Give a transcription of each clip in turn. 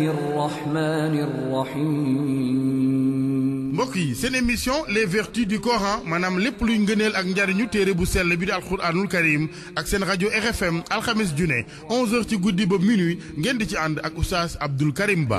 mbokk c'est une émission les vertus du Coran Madame lepp luy ngëneel ak njariñu téré bu sel bi al Nul karim ak sen radio RFM Al ju ne 11h ci goudi ba minuit ngeen di ci ak Abdul Karim Ba.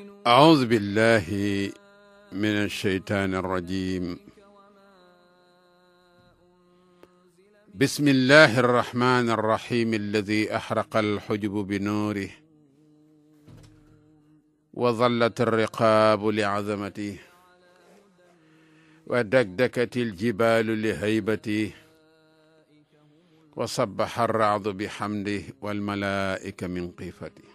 أعوذ بالله من الشيطان الرجيم بسم الله الرحمن الرحيم الذي أحرق الحجب بنوره وظلت الرقاب لعظمته ودكدكت الجبال لهيبته وصبح الرعد بحمده والملائكة من قيفته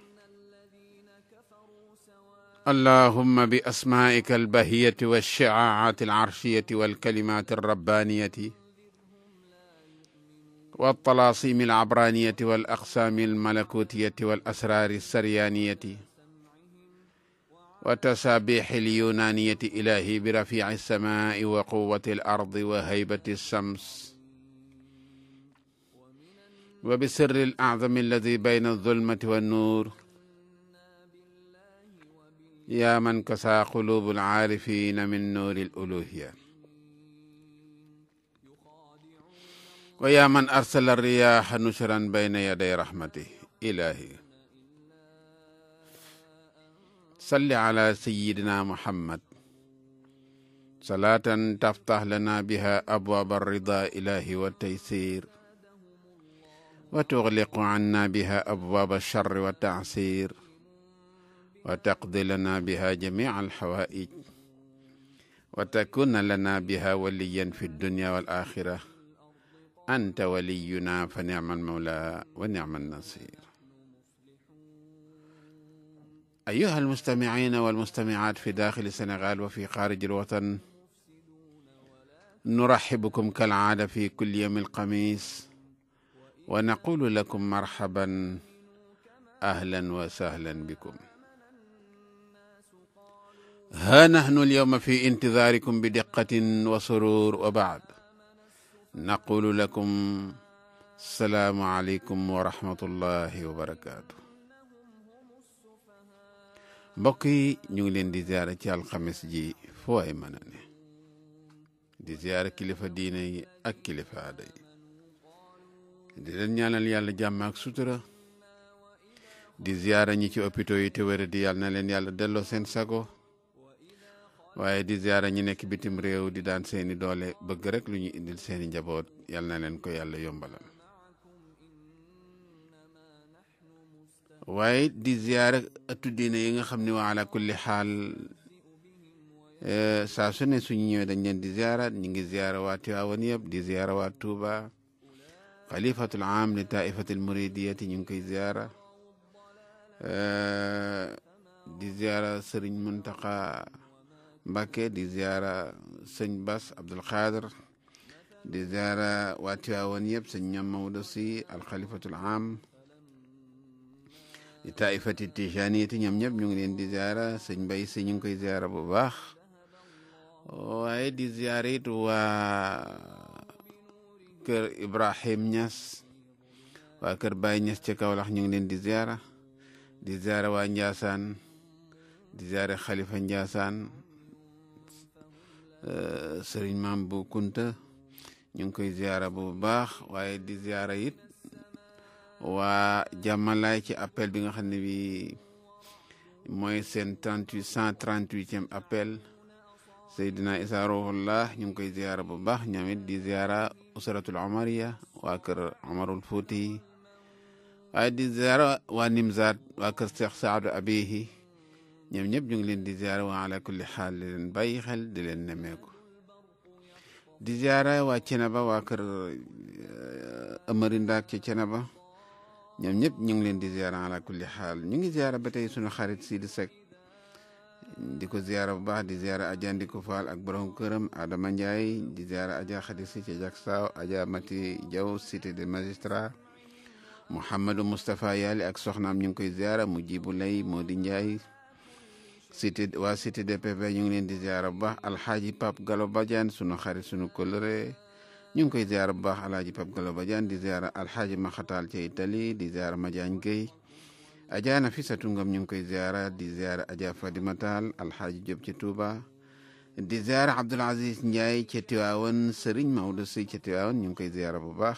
اللهم بأسمائك البهية والشعاعات العرشية والكلمات الربانية والطلاصيم العبرانية والأقسام الملكوتية والأسرار السريانية وتسابيح اليونانية إلهي برفيع السماء وقوة الأرض وهيبة الشمس وبسر الأعظم الذي بين الظلمة والنور يا من كسى قلوب العارفين من نور الألوهية ويا من أرسل الرياح نشرا بين يدي رحمته إلهي صل على سيدنا محمد صلاة تفتح لنا بها أبواب الرضا إلهي والتيسير وتغلق عنا بها أبواب الشر والتعسير وتقضي لنا بها جميع الحوائج وتكون لنا بها وليا في الدنيا والآخرة أنت ولينا فنعم المولى ونعم النصير أيها المستمعين والمستمعات في داخل السنغال وفي خارج الوطن نرحبكم كالعادة في كل يوم الخميس ونقول لكم مرحبا أهلا وسهلا بكم ها نحن اليوم في انتظاركم بدقة وسرور وبعد نقول لكم السلام عليكم ورحمة الله وبركاته بقي نولين دي زيارة الخميس جي فوائي مناني دي زيارة كلفة ديني أكلفة دي دي دنيا لليال جامعك سترة دي زيارة نيكي أبيتو يتوير ديال نالين يال دلو سنساكو waaye di ziara ñi nekk bitim réew di daan seeni doole bëgg rek lu ñu indil seeni njaboot yàlla na leen ko yàlla yombalal waaye di ziara ëttu diine yi nga xam ne waa ala kulli xaal saa su ne suñu ñëwee dañ leen di ziara ñu ngi ziara waa Tiwaawan yëpp di ziara waa Tuuba xalifatul aam li al muridiyati ñu ngi koy ziara di ziara Sëriñ muntaka mbake di ziara señ Bas Abdul Xaadir di ziara waa Tiwaawan yëpp sëñ ñoom Maodo si alxalifatul am taifati tijaniyati ñam ñep ñu ngi len di ziara señ bay si ñu koy ziara bu baax waaye di ziara it wa kër Ibrahim nyas wa kër bay Niass ci kawlax ñu ngi len di ziara di ziara wa ndiasan di ziara khalifa ndiasan Euh, sëriñ maam bu kunta ñu ngi koy ziara bu baax waaye di ziara it waa jàmmalaay ci appel bi nga xam ne bi mooy seen trente huit cent trente huitième appel Seydina Isa Ruhullah ñu ngi koy ziara bu baax ñoom it di ziara usratul omariya waa kër omarul Fuuti waaye di ziara waa Nimzaat waa kër Cheikh Saadu Abihi ñoom ñëpp ñu ngi leen di ziara waa ala kulli xaal di leen bàyyi xel di leen nemmeeku di ziara waa Cenaba waa kër euh, Amari Ndaak ci Cenaba ñoom ñëpp ñu ngi leen di ziara ala kulli xaal ñu ngi ziara ba tey sunu xarit Sidi Seck di ko ziara bu baax di ziara Adja Ndiko Fall ak borom këram Adama Ndiaye di ziara Adja Khady Si ci Jaksaaw Adja Mati Diaw cité des magistrats Mouhamadou Moustapha Yali ak soxnaam ñu ngi koy ziara mu jibu lay moo di Ndiaye. cité wa cité DPV ñu ngi leen di ziar bu baax alhaji Pape galo Badiane sunu xarit sunu kolëre ñu ngi koy ziar bu baax alhaji Pape galo Badiane di ziar alhaji Maxataal ca Italie di ziar Madiagne Gueye fi Nafisatu Ngom ñu ngi koy ziara di ziar Adja Fadima Taal alhaji Diop ca Touba di ziar abdul Aziz Ndiaye ca Tiwaawan Serigne Maodo Sy ca Tiwaawan ñu ngi koy ziara bu baax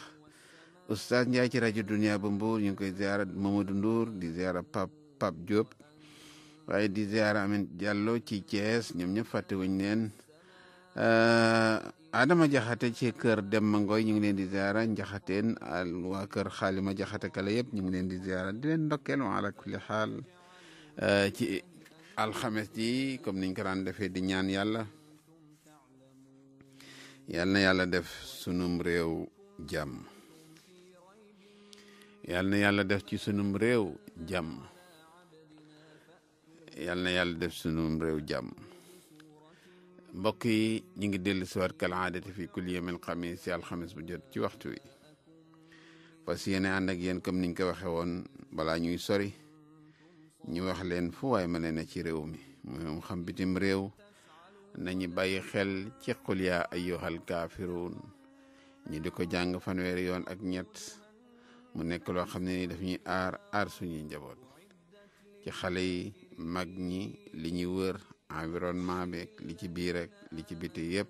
Oustaz Ndiaye ci rajo Dunia bu Mbour ñu ngi koy ziara Mamadou Ndour di ziara Pape Pape Diop waaye di ziara amin Diallo ci Thiès ñoom ñëpp fàttewuñ leen euh, Adama Jaxate ci kër Demba Ngoy ñu ngi leen di ziara Njaxateen al waa kër Xaalima Jaxate kala yëpp ñu ngi leen di ziara di leen ndokkeel wa ala xaal euh, ci alxames ji comme niñ ko daan defee di ñaan yàlla yàlla yàlla def sunum rew jàmm yàlla na yàlla def ci sunum réew jàmm yal na yàlla def sunum réew jàmm mbokk yi ñu ngi dellu siwaat kal aadati fi kulli yawmil xamis yi alxamis bu jot ci waxtu wi fas yéene ànd ak yéen comme niñ ko waxee woon balaa ñuy sori ñu wax leen fu waay ma na ci réew mi moom xam bitim réew nañu bàyyi xel ci qul yaa ayyuhal kaafiruun ñu di ko jàng fanweeri yoon ak ñett mu nekk loo xam ne nii daf ñuy aar aar suñuy njaboot ci xale yi mag ñi li ñi wër environnement bi li ci biir rek li ci biti yépp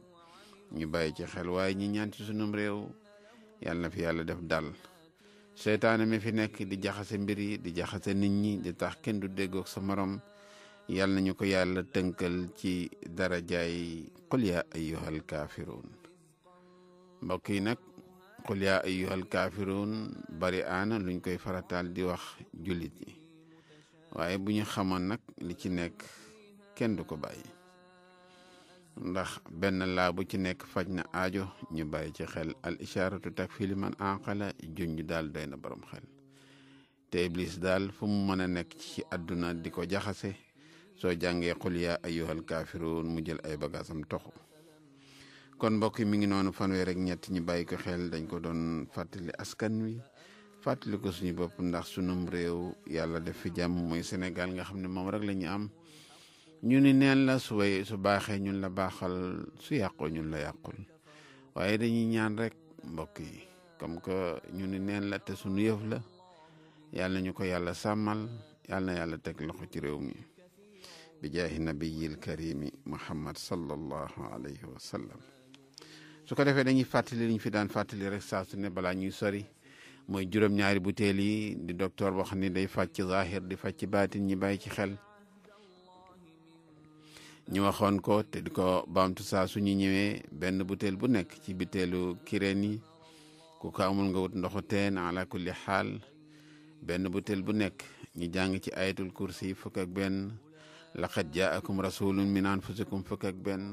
ñu bàyyi ci xel waaye ñi ñaan ci sunum réew yàlla na fi yàlla def dal seytaane mi fi nekk di jaxase mbir di jaxase nit ñi di tax kenn du déggoog sa morom yàlla nañu ko yàlla tënkal ci darajaay qul ya ayyuhal kafirun mbokk yi qul ya ayyuhal kafirun bari aana luñ koy farataal di wax julit yi waaye bu ñu xamoon nag li ci nekk kenn du ko bàyyi ndax benn laa bu ci nekk faj na aajo ñu bàyyi ci xel al isharatu takfili man aqala junj daal doy na borom xel te iblis daal fu mu mën a nekk ci àdduna di ko jaxase soo jàngee xul yaa ayyuhal kaafiruun mu jël ay bagaasam toxu kon mbokk yi mi ngi noonu fanweer ak ñett ñu bàyyi ko xel dañ ko doon fàttali askan wi fàttali ko suñu bopp ndax sunum réew yàlla def fi jàmm mooy senegal nga xam ne moom rek la am ñu ni neen la su way su baaxee ñun la baaxal su yàqoo ñun la yàqul waaye dañuy ñaan rek mbokk yi comme que ñu ni neen la te su yëf la yàlla ñu ko yàlla sàmmal yàlla na yàlla teg loxo ci réew mi bi jaahi nabiyil karimi muhammad sallallahu alayhi wa sallam su ko defee dañuy fàttali li ñu fi daan fàttali rek saa su ne balaa ñuy sori mooy juróom-ñaari butéel yi di docteur boo xam ni day faj ci di faj ci baatin ñi bàyyi ci xel ñu waxoon ko te di ko baamtu saa suñu ñëwee benn butéel bu nekk ci butéelu kireen yi ku ko amul nga wut ndoxu teen ala kulli xaal benn butéel bu nekk ñu jàng ci ayatul kursi fukk ak benn laqad jaakum rasulun min anfusikum fukk ak benn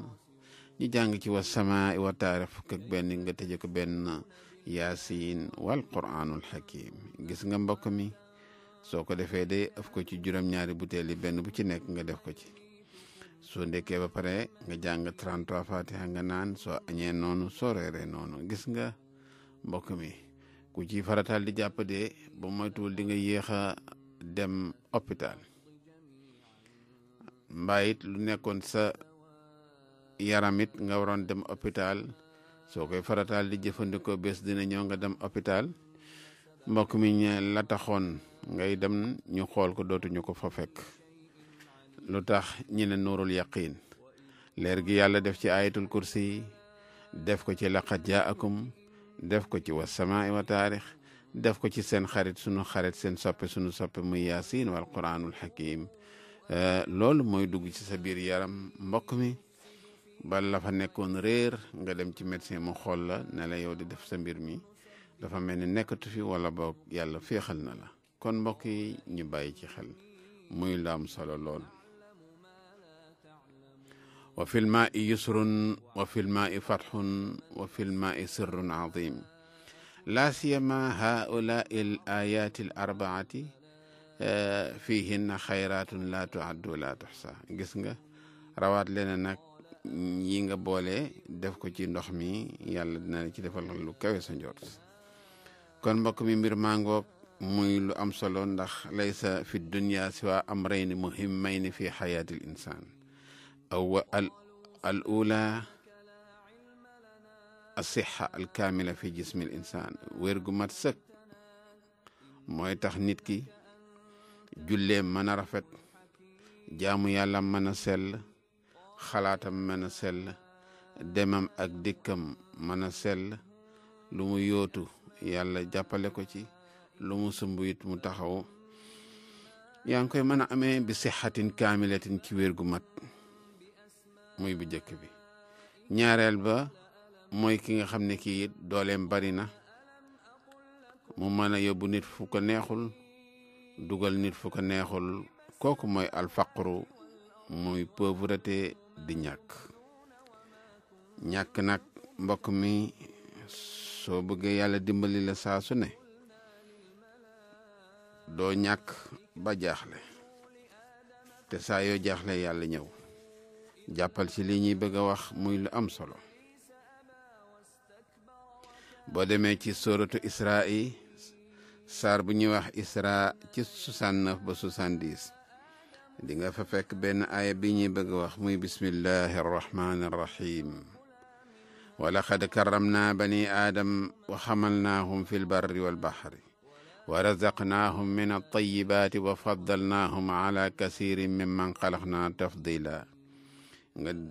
ñu jàng ci wa sama wa taarix fukk ak benn nga tëje ko benn yaasiin wal quraanul xakiim gis nga mbokk mi soo ko defee day af ko ci juróom-ñaari butéel yi benn bu ci nekk nga def ko ci soo ndekkee ba pare nga jàng 33 fatiha nga naan soo añee noonu soo reeree noonu gis nga mbokk mi ku ci farataal di jàpp de ba moytuwul di nga yéex a dem hôpital mbayit lu nekkoon sa yaramit nga waroon dem hôpital soo koy farataal di jëfandikoo bés dina ñëw nga dem hôpital mbokk mi ñeen la taxoon ngay dem ñu xool ko dootuñu ko fa fekk lu tax ñi ne nuurul yaqiin leer gi yàlla def ci ayatul kursi yi def ko ci laqat laqad jaakum def ko ci wasamaa wa taarix def ko ci seen xarit suñu xarit seen soppe suñu soppe muy yaasin wal quraanul hakiim eh, loolu mooy dugg ci sa biir yaram mbokk mi ba la fa nekkoon réer nga dem ci médecin mu xool la ne la yow di def sa mbir mi dafa mel ni nekkatu fi wala boog yàlla féexal na la kon mbokk yi ñu bàyyi ci xel muy am solo lool wa fi lmaai yusrun wa fi lmaai fatxun wa fi lmaai sirrun adim لا سيما هؤلاء الآيات fihin khayratun la tuaddu la ولا gis nga روات لنا نك yi nga boole def ko ci ndox mi yàlla dina la ci defal lu kawe sa njort kon mbokk mi mbir mangoog muy lu am solo ndax laysa fi dunya siwa amrayni muhimmayni fi xayaati l insan aw al al ula asixa al kaamila fi jismi l insan wér gu mat sëkk mooy tax nit ki jullee mën a rafet jaamu yàlla mën a sell xalaatam mën a sell demam ak dikkam mën a sell lu mu yootu yàlla jàppale ko ci lu mu sumb mu taxaw yaa ngi koy mën a ame bi sixatin kaamilatin ci wér gu mat muy bu jëkk bi ñaareel ba mooy ki nga xam ne kii it dooleem bari na mu mën a yóbbu nit fu ko neexul dugal nit fu ko neexul kooku mooy alfaqru muy pauvreté di ñàkk ñàkk nag mbokk mi soo bëggee yàlla dimbali la saa ne doo ñàkk ba jaaxle te saa yoo jaaxle yàlla ñëw jàppal ci li ñuy bëgg a wax muy lu am solo boo demee ci sóoratu Israa saar bu ñuy wax Israa ci 69 ba 70 بسم الله الرحمن الرحيم ولقد كرمنا بني آدم وحملناهم في البر والبحر ورزقناهم من الطيبات وفضلناهم على كثير ممن خلقنا تفضيلا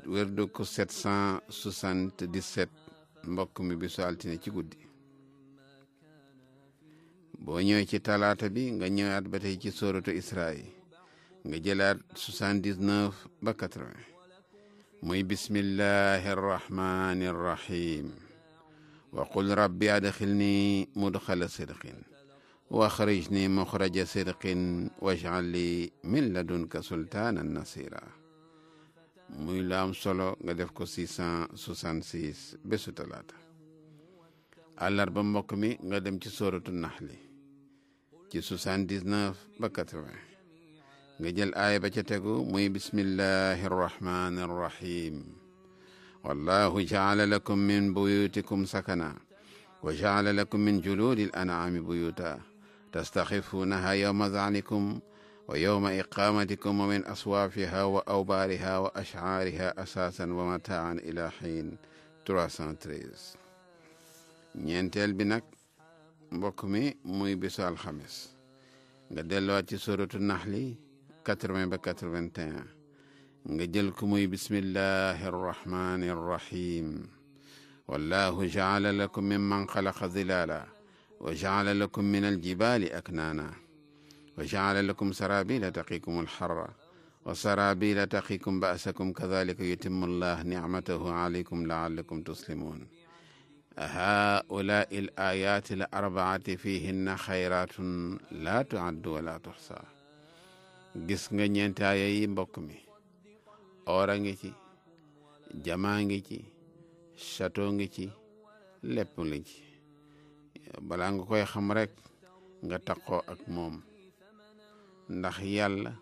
وردك ستسان سوسان تدسات مبكم بسالتنا تقول دي بو نيوي تي تالاتا بي نيوي اتبتي تي سورة إسرائيل nga jëlaat 79 ba 80 muy bismillahi arrahmani arrahim wa qul rabbi adxilni mudxala sidqin wa واخرجني مخرج صدق واجعل li min ladunka سلطانا nasira muy la am solo nga def ko 666 bésu talaata ba mbokk mi nga dem ci sóoratu naxli ci 79 ba 80 nga jël aaya ba ca tegu muy bismillahi arrahmani arrahim wallahu jaala lakum min buyutikum sakana wa jaala lakum min juludi alanami buyuta tastaxifunaha yowma zanikum wa yowma iqamatikum wa min aswaafiha wa awbaariha wa ashcaariha asaasan wa mataan ila xiin 313 ñeenteel bi nag mbokk mi muy bisu alxames nga delluwaat ci suratu naxli 80 ba 81 nga jël ko muy bismillahi arrahmani arrahim wallahu jaala lakum mimman xalaqa zilaala wa jaala lakum min aljibali aknaana wa jaala lakum sarabila taqikum alxarra وسرابيل تقيكم بأسكم كذلك يتم الله نعمته عليكم لعلكم تسلمون هؤلاء الآيات الأربعة فيهن خيرات لا تعد ولا تحصى gis nga ñeenti aaya yi mbokk mi oor a ngi ci jamaa ngi ci château ngi ci lépp ngi ci balaa nga koy xam rek nga taqoo ak moom ndax yàlla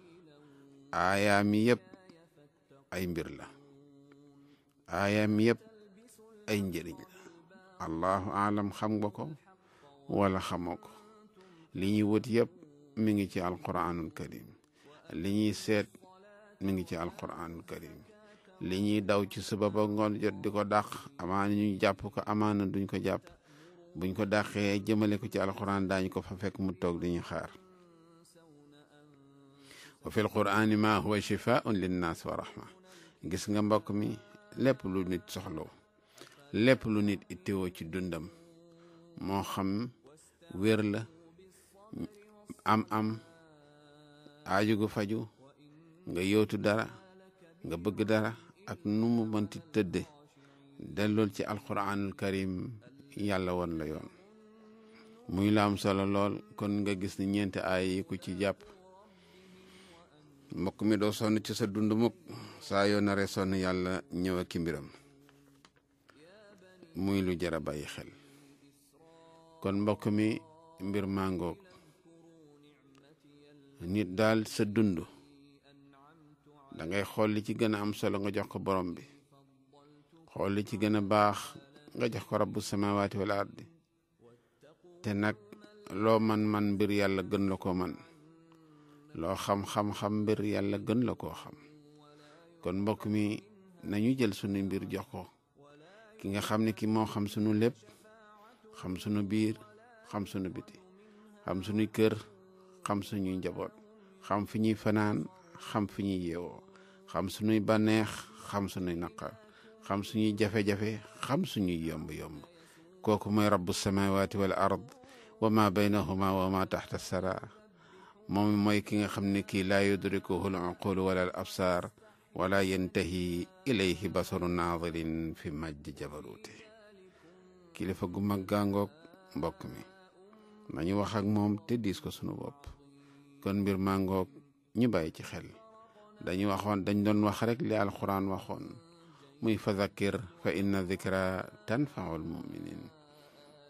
aayaam yëpp ay mbir la aayaam yëpp ay njëriñ la allahu alam xam nga ko wala xamoo ko li ñuy wut yëpp mi ngi ci alquranul karim li ñuy seet mu ngi ci alquranul karim li ñuy daw ci suba ba ngoon jot di ko dàq amaana ñu jàpp ko amaana duñ ko jàpp buñ ko dàqee jëmale ko ci alxuraan daañ ko fa fekk mu toog di ñu xaar wa fi alqurani ma huwa shifaun linnaas wa rahma gis nga mbokk mi lépp lu nit soxlaw lépp lu nit ittewoo ci dundam moo xam wér am am aaju gu faju nga yootu dara nga bëgg dara ak nu mu mënti tëdde dellool ci alquranul karim yàlla woon la yoon muy laam solo lool kon nga gis ni ñeenti aay yi ci jàpp mbokk mi doo sonn ci sa dund mukk saa yoo nare sonn yàlla ñëw ak mbiram muy lu jar a bàyyi xel kon mbokk mi mbir màngo nit daal sa dund da ngay xool li ci gën a am solo nga jox ko borom bi xool li ci gën a baax nga jox ko rabbu samawaati wal ardi te nag loo man-man mbir yàlla gën la koo man loo xam-xam-xam mbir yàlla gën la koo xam kon mbokk mi nañu jël sunu mbir jox ko ki nga xam ni ki moo xam sunu lépp xam sunu biir xam sunu biti xam sunu kër xam suñuy njaboot xam fi ñuy fanaan xam fi ñuy yeewoo xam suñuy bànneex xam suñuy naqar xam suñuy jafe-jafe xam suñuy yomb-yomb kooku mooy rabbu samawati wal ard wa ma baynahuma wa ma taxta sara moom mooy ki nga xam ni kii laa yudrikuhu l uqulu wala al absaar wala yantahi ilayhi basaru naadirin fi majdi jabaruuti kilifa gu mag gàngoog mbokk mi nañu wax ak moom te diis ko sunu bopp kon mbir màngoog ñu bàyyi ci xel dañu waxoon dañ doon wax rek li alquran waxoon muy fa zakir fa inna zikra tanfaul muminin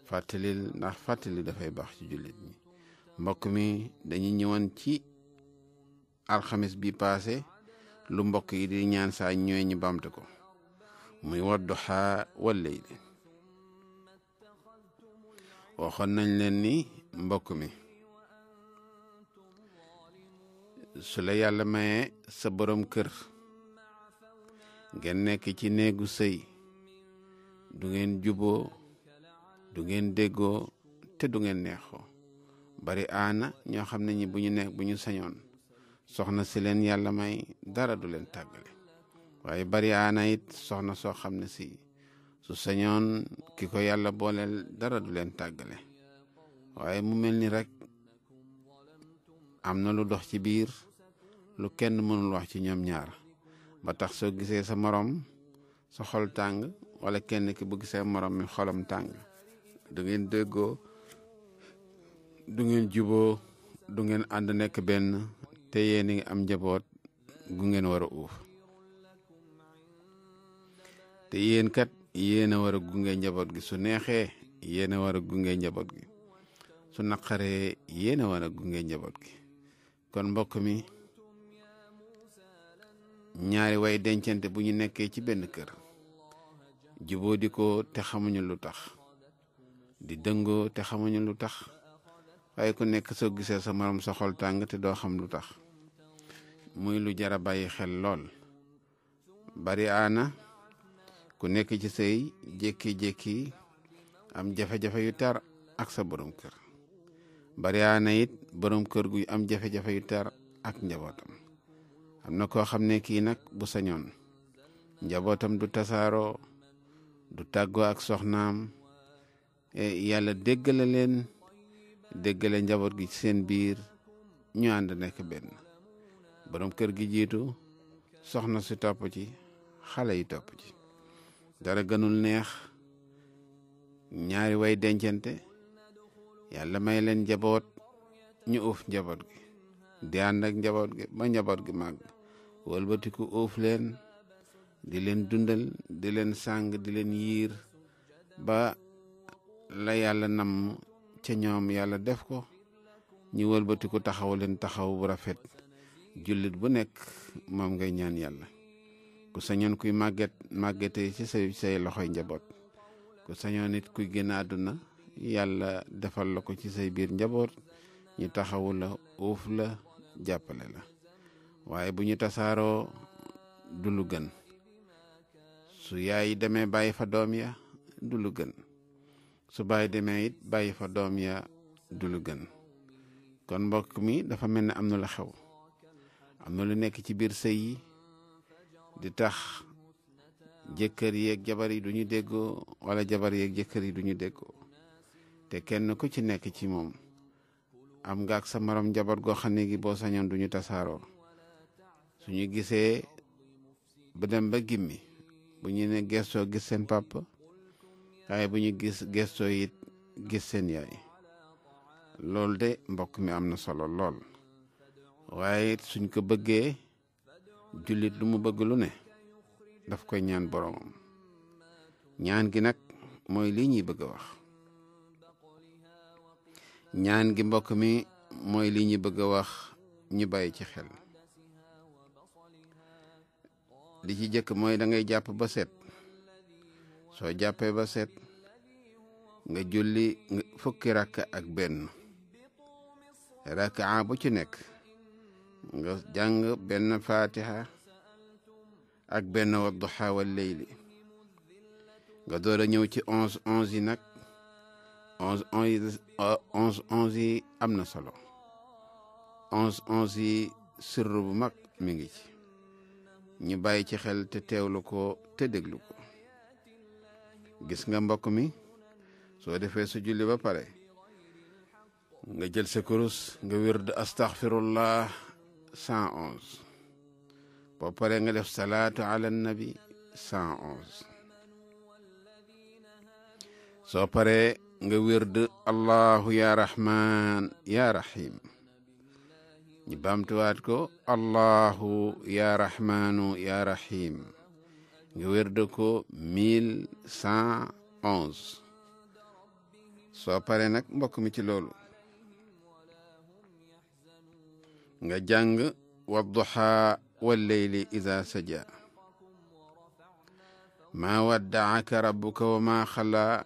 fàttalil ndax fàttali dafay baax ci jullit ñi mbokk mi dañuy ñëwoon ci alxamis bi paase lu mbokk yi di ñaan saa ñooy ñu bamte ko muy wadduha wal layli waxoon nañ leen ni mbokk mi su la yàlla mayee sa boroom kër ngeen nekk ci néegu sëy du ngeen juboo du ngeen déggoo te du ngeen neexoo bari aana ñoo xam ne ñi bu ñu nekk bu ñu sañoon soxna si leen yàlla may dara du leen tàggale waaye bari aana it soxna soo xam ne si su sañoon ki ko yàlla booleel dara du leen tàggale waaye mu mel ni rek am na lu dox ci biir lu kenn mënul wax ci ñoom ñaar ba tax soo gisee sa morom sa xol tàng wala kenn ki bu gisee morom mi xolam tàng du ngeen déggoo du ngeen juboo du ngeen ànd nekk benn te yéen ngi am njaboot gu ngeen war a uuf te yéen kat yéen a war a gunge njaboot gi su neexee yéen a war a gunge njaboot gi su naqaree yéen a war a gunge njaboot gi kon mbokk mi ñaari way dencante bu ñu nekkee ci benn kër juboo te xamuñu lu tax di dëngoo te xamuñu lu tax waaye ku nekk soo gisee sa morom sa xol tàng te doo xam lu tax muy lu jara bàyyi xel lool bari aana ku nekk ci say jékki-jékki am jafe-jafe yu tar ak sa borom kër bari it borom kër guy am jafe-jafe yu tar ak njabootam am na koo xam ne kii nag bu sañoon njabootam du tasaaroo du tàggoo ak soxnaam e, yàlla déggale leen déggale njaboot gi ci seen biir ñu ànd nekk benn borom kër gi jiitu soxna si topp ci xale yi topp ci dara gënul neex ñaari way dencante yàlla may leen njaboot ñu uuf njaboot gi di ànd ak njaboot gi ba njaboot gi màgg walbatiku óof leen di leen dundal di leen sàng di leen yiir ba la yàlla namm ca ñoom yàlla def ko ñu walbatiku taxaw leen taxaw bu rafet jullit bu nekk moom ngay ñaan yàlla ku sañoon kuy màgget màggate ci say say loxoy njaboot ku sañoon nit kuy génn àdduna yàlla defal la ko ci say biir njaboot ñu taxawu la uuf la jàppale la waaye bu ñu tasaaroo du lu gën su yaay demee bàyyi fa doom ya du lu gën su baay demee it bàyyi fa doom ya du lu gën kon mbokk mi dafa mel ne am na la xew am na lu nekk ci biir sëy yi di tax jëkkër yeeg jabar yi duñu déggoo wala jabar yeeg jëkkër yi duñu déggoo te kenn ku ci nekk ci moom am nga ak sa morom jabar goo xam ne gi boo du ñu tasaaroo suñu gisee ba dem ba gimmi bu ñu ne gestoo gis seen pàpp waaye bu ñu gis gestoo it gis seen yaay loolu de mbokk mi am na solo lool waaye suñ ko bëggee jullit lu mu bëgg lu ne daf koy ñaan boromam ñaan gi nag mooy lii ñuy bëgg a wax ñaan gi mbokk mi mooy lii ñuy bëgg a wax ñu bàyyi ci xel li ci jëkk mooy da ngay jàpp ba set soo jàppee ba set nga julli fukki rakk ak benn rakka bu ci nekk nga jàng benn fatiha ak benn wadduha wal leyli nga door a ñëw ci onze onze yi nag onze onze onze yi am na solo onze onze yi sirru bu mag mi ngi ci ñu bàyyi ci xel te teewlu ko te déglu ko gis nga mbokk mi soo defee su julli ba pare nga jël sa kurus nga wird astaghfirullah 111 boo pare nga def salaatu ala nabi 111 soo pare nga wird allahu ya rahman ya rahim bamtuwaat ko allahu ya rahmanu ya rahim nga wérde ko 1111 soo pare nag mbokk mi ci loolu nga jàng wadduha walleyli ida saja ما ودعك ربك وما خلا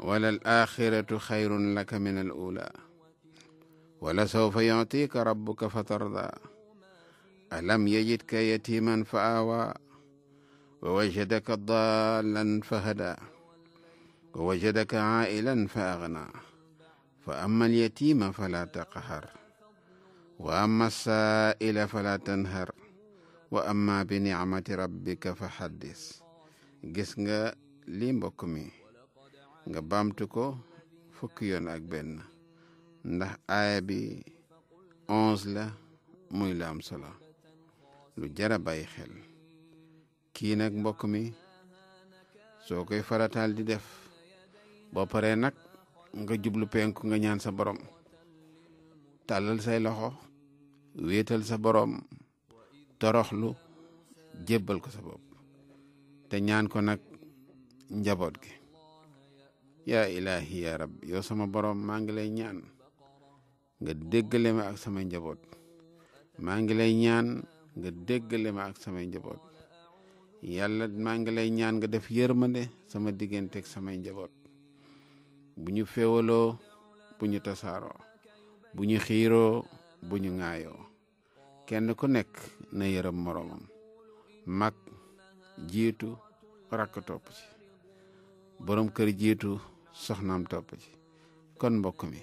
وللآخرة خير لك من الأولى ولسوف يعطيك ربك فترضى ألم يجدك يتيما فآوى ووجدك ضالا فهدى ووجدك عائلا فأغنى فأما اليتيم فلا تقهر وأما السائل فلا تنهر وأما بنعمة ربك فحدث جسنا nga li mbokk mi ndax aaya bi onze la muy la am solo lu jarabay xel kii nag mbokk mi soo koy faratal di def boo paree nag nga jublu penku nga ñaan sa boroom tàllal say loxo wéetal sa borom toroxlu jébbal ko sa bopp te ñaan ko nag njaboot gi yaa ilaahi ya rab yow sama boroom maa ngi lay ñaan nga déggale ak sama njaboot maa ngi lay ñaan nga déggale ak samay njaboot yàlla maa ngi lay ñaan nga def yërmande sama diggante ak samay njaboot bu ñu féwaloo bu ñu tasaaroo bu ñu xiiroo bu ñu ŋaayoo kenn ku nekk na yërëm moroomam mag jiitu rakk topp ci borom kër jiitu soxnaam topp ci kon mbokk mi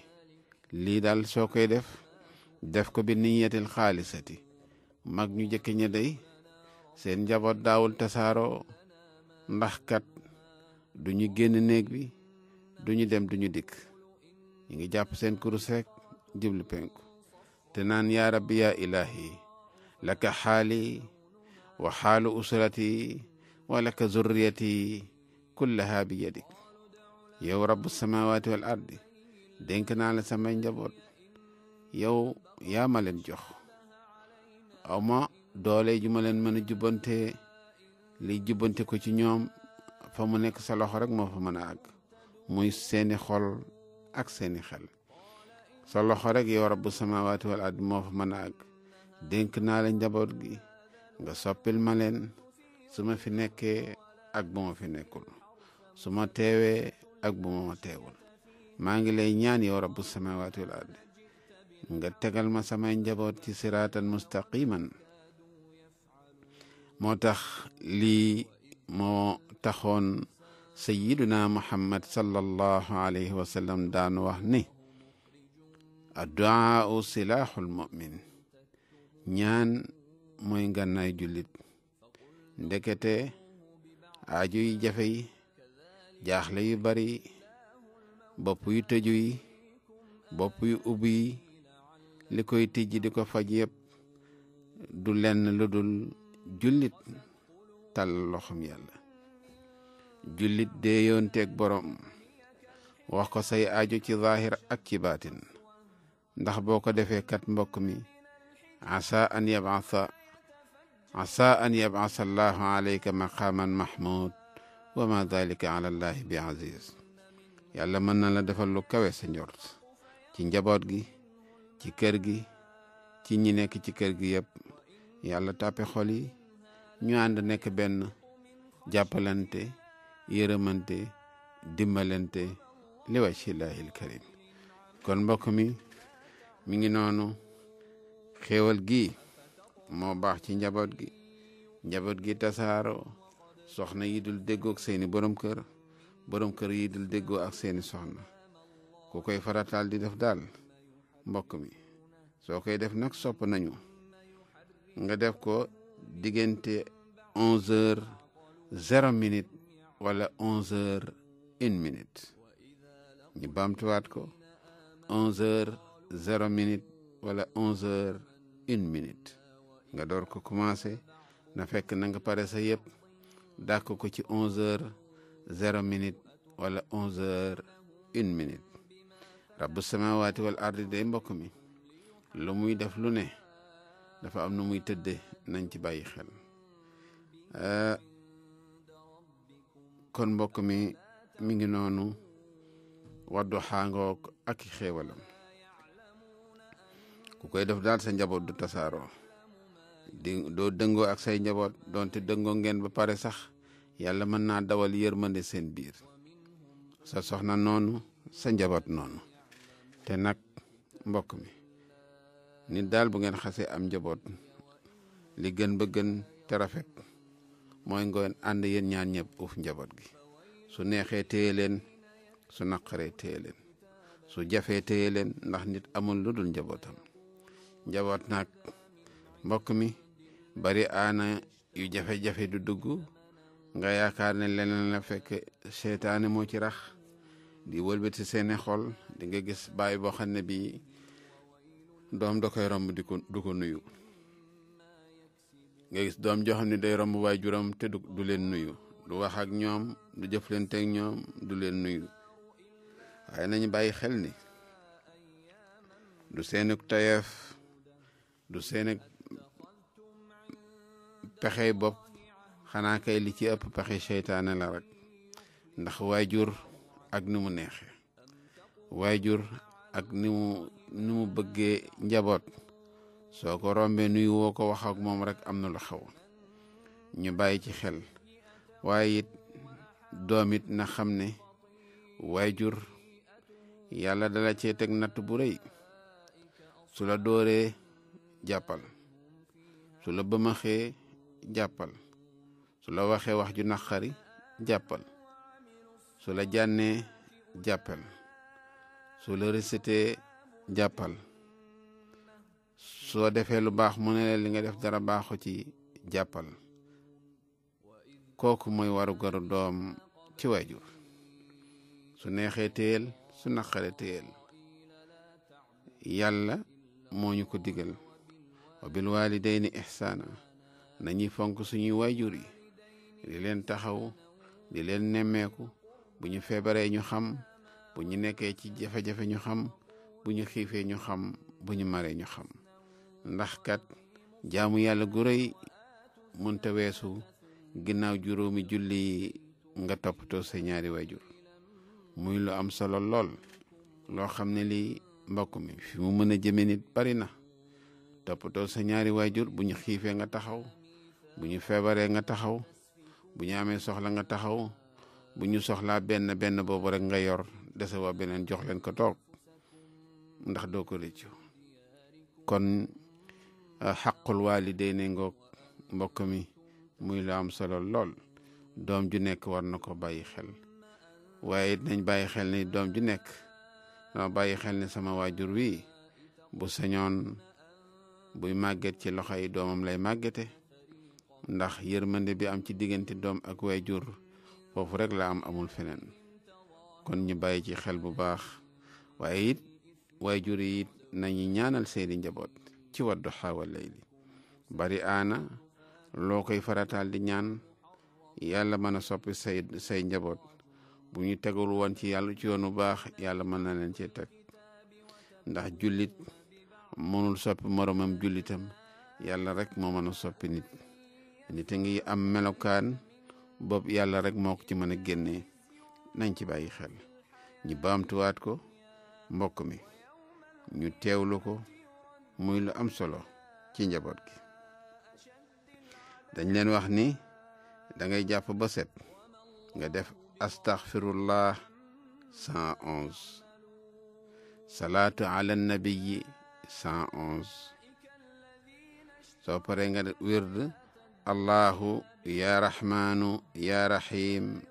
lii daal soo koy def def ko bi niyatil xaalisati mag ñu jëkk ña day seen njaboot daawul tasaaroo ndax kat du ñu génn néeg bi du ñu dem duñu dikk ñu ngi jàpp seen kurus rek jiblu penku te naan yaa rabbi yaa ilaahi laka xaali wa xaalu usurati wa laka zurriyati kullaha bi yadik yow rabbu samawaati wal ardi dénk naa la samay njaboot yow yaa ma leen jox aw ma doole ju ma leen mën a jubbante liy jubbante ko ci ñoom fa mu nekk sa loxo rek moo fa mën a àgg muy seeni xol ak seeni xel sa loxo rek bu sama samawaati wal ard moo fa mën a àgg dénk naa la njaboot gi nga soppil ma leen su ma fi nekkee ak bu ma fi nekkul su ma teewee ak bu ma teewul maa ngi lay ñaan yow rabbu samawaati wal nga tegal ma samay njaboot ci siraatan mustaqiman moo tax lii moo taxoon sayiduna muhammad sallallahu alayhi wa daan wax ni adduaau silaaxul mumin ñaan mooy ngànnaay jullit ndekete aajo yi jafe yi jaaxle yu bari bopp yu tëju yi bopp yu ubbi yi li koy tijji di ko faj yëpp du lenn lu dul jullit tal loxom yàlla jullit dee yoon teeg boroom wax ko say aju ci zaahir ak ci baatin ndax boo ko defee kat mbokk mi asa an yabasa asa an yabasa allahu alayka maqaaman mahmud wa ma dalika ala allahi bi aziz yàlla mën na la defal lu kawe sa njort ci njaboot gi ci kër gi ci ñi nekk ci kër gi yëpp yàlla tàppe xol yi ñu ànd nekk benn jàppalante yërëmante dimbalante li wajhi laahil karim kon mbokk mi mu ngi noonu xéewal gi moo baax ci njaboot gi njaboot gi tasaaroo soxna yi dul déggoog seeni borom kër borom kër yi dul déggoo ak seeni soxna ku koy farataal di def daal mbokk mi soo koy def nag sopp nañu nga def ko diggante onze heures zéro minute wala onze heures une minute ñu baamtuwaat ko onze heures zéro minute wala onze heures une minute nga door ko commencé na fekk na nga pare sa yëpp dàkk ko ci onze heures zero minute wala onze heures une minute rabbu samawaati wal ardi day mbokk mi lu muy def lu ne dafa am nu muy tëdde nañ ci bay xel euh, kon mbokk mi mi ngi noonu Wadduha ak xéewalam ku koy def daal sa njaboot du tasaaroo di doo dëngoo ak say njaboot doonte dëngoo ngeen ba pare sax yàlla mën naa dawal yërmande seen biir sa soxna noonu sa njaboot noonu te nag mbokk mi nit daal bu ngeen xasee am njaboot li gën ba gën te rafet mooy ngeen ànd yéen ñaan ñëpp uuf njaboot gi su neexee téye leen su naqaree téye leen su jafee téye leen ndax nit amul lu dul njabootam njaboot nag mbokk mi bari aana yu jafe-jafe du dugg nga yaakaar ne leneen la fekk seytaane moo ci rax di wëlbati seeni xool di nga gis baay boo xam ne bii doom da koy romb du ko nuyu nga gis doom joo ni ne day romb waajuram te du leen nuyu du wax ak ñoom du jëflante ak ñoom du leen nuyu waaye nañu bàyyi xel ni du seeni tayeef du seeni pexey bopp xanaa kay li ci ëpp pexe seytaane la rek ndax waajur ak nu mu neexe waajur ak ni mu ni bëggee njaboot soo ko rombee nuyu woo ko wax ak moom rek am na la xew ñu bàyyi ci xel waaye doomit na xam ne waajur yàlla dala cee teg natt bu rëy su la dooree jàppal su la bëmaxee jàppal su la waxee wax ju naqari jàppal su la jànnee jàppal su la récité jàppal soo defee lu baax mu ne li nga def dara baaxu ci jàppal kooku mooy waru garu doom ci waajur su neexee téyel su naqare téyel yàlla moo ñu ko digal wa bil walidayni ihsaana nañuy fonk suñuy waajur yi di leen taxaw di leen nemmeeku bu ñu feebaree ñu xam bu ñu nekkee ci jafe-jafe ñu xam bu ñu xiifee ñu xam bu ñu maree ñu xam ndax kat jaamu yàlla gu rëy mënta weesu ginnaaw juróomi julli nga toppatoo sa ñaari wayjur muy lu am solo lool loo xam ne lii mbokk mi fi mu mën a jëme nit bari na toppatoo sa ñaari waajur bu ñu xiifee nga taxaw bu ñu feebaree nga taxaw bu ñu amee soxla nga taxaw bu ñu soxlaa benn benn boobu rek nga yor dese wa beneen jox leen ko toog ndax doo ko rëccu kon ah, xaqul waalidayni ngoog mbokk mi muy lu am solo lool doom ju nekk war na ko bàyyi xel waaye it nañ bàyyi xel ni doom ju nekk dama bàyyi xel ni sama waajur wi bu sañoon buy màgget ci loxo yi doomam lay màggete ndax yërmande bi am ci diggante doom ak waajur foofu rek la am amul feneen kon ñu bàyyi ci xel bu baax waaye it waajur yi nañu ñaanal seeni njaboot ci Wadduha wal layli bari aana loo koy farataal di ñaan yàlla mën a soppi say say njaboot bu ñu tegul woon ci yàlla ci yoonu baax yàlla mën na leen cee teg ndax jullit mënul soppi moromam jullitam yàlla rek moo mën a soppi nit nit a ngi am melokaan boobu yàlla rekk moo ko ci mën a génnee nañ ci bàyyi xel ñu baamtuwaat ko mbokk mi ñu teewlu ko muy lu am solo ci njaboot gi dañ leen wax ni da ngay jàpp ba set nga def astaghfirullah 111 salaatu ala nabiyi 111 soo paree nga wérd allahu ya rahmaanu ya rahim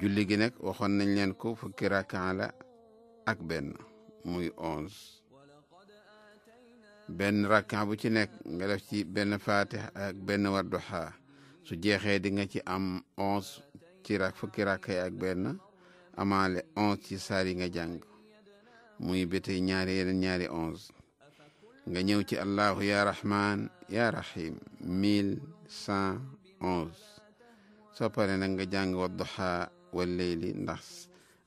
julli gi nag waxoon nañ leen ko fukki rakaa la ak benn muy 11 benn rakaa bu ci nekk nga def ci benn faatiha ak benn wadduha su jeexee di nga ci am 11 ci rak fukki rakaa ak benn amaale 11 ci saar yi nga jàng muy bétey ñaari yeneen nga ñëw ci allahu ya rahman ya rahim mille cent onze soo paree nag nga jàng wa duha wa leyli ndax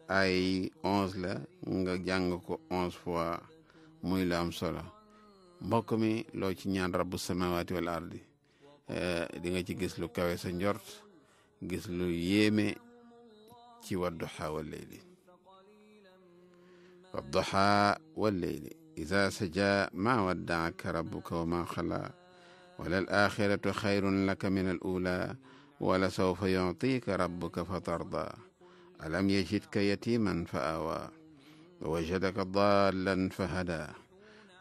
ay onze la nga jàng ko onze fois muy la am solo mbokk mi loo ci ñaan rabbu samawati wal ardi di nga ci gis lu kawe sa njort gis lu yéeme ci wa duha wa leyli wa duha wa leyli إذا سجى ما ودعك ربك وما خلا وللآخرة خير لك من الأولى ولسوف يعطيك ربك فترضى ألم يجدك يتيما فآوى ووجدك ضالا فهدى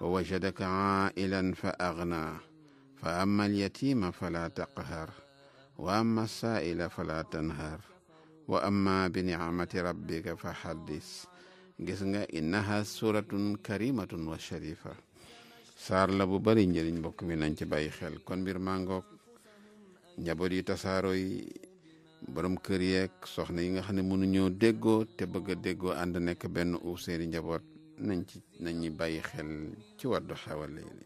ووجدك عائلا فأغنى فأما اليتيم فلا تقهر وأما السائل فلا تنهر وأما بنعمة ربك فحدث gis nga innaha suratun karimatun wa sharifa saar la bu bari njëriñ mbokk mi nañ ci bàyyi xel kon mbir mangoog njaboot yi tasaaro yi borom kër yeeg soxna yi nga xam ne mënuñoo déggoo te bëgg a déggoo ànd nekk benn uuf seeni njaboot nañ ci nañuy bàyyi xel ci wàddu xewal léegi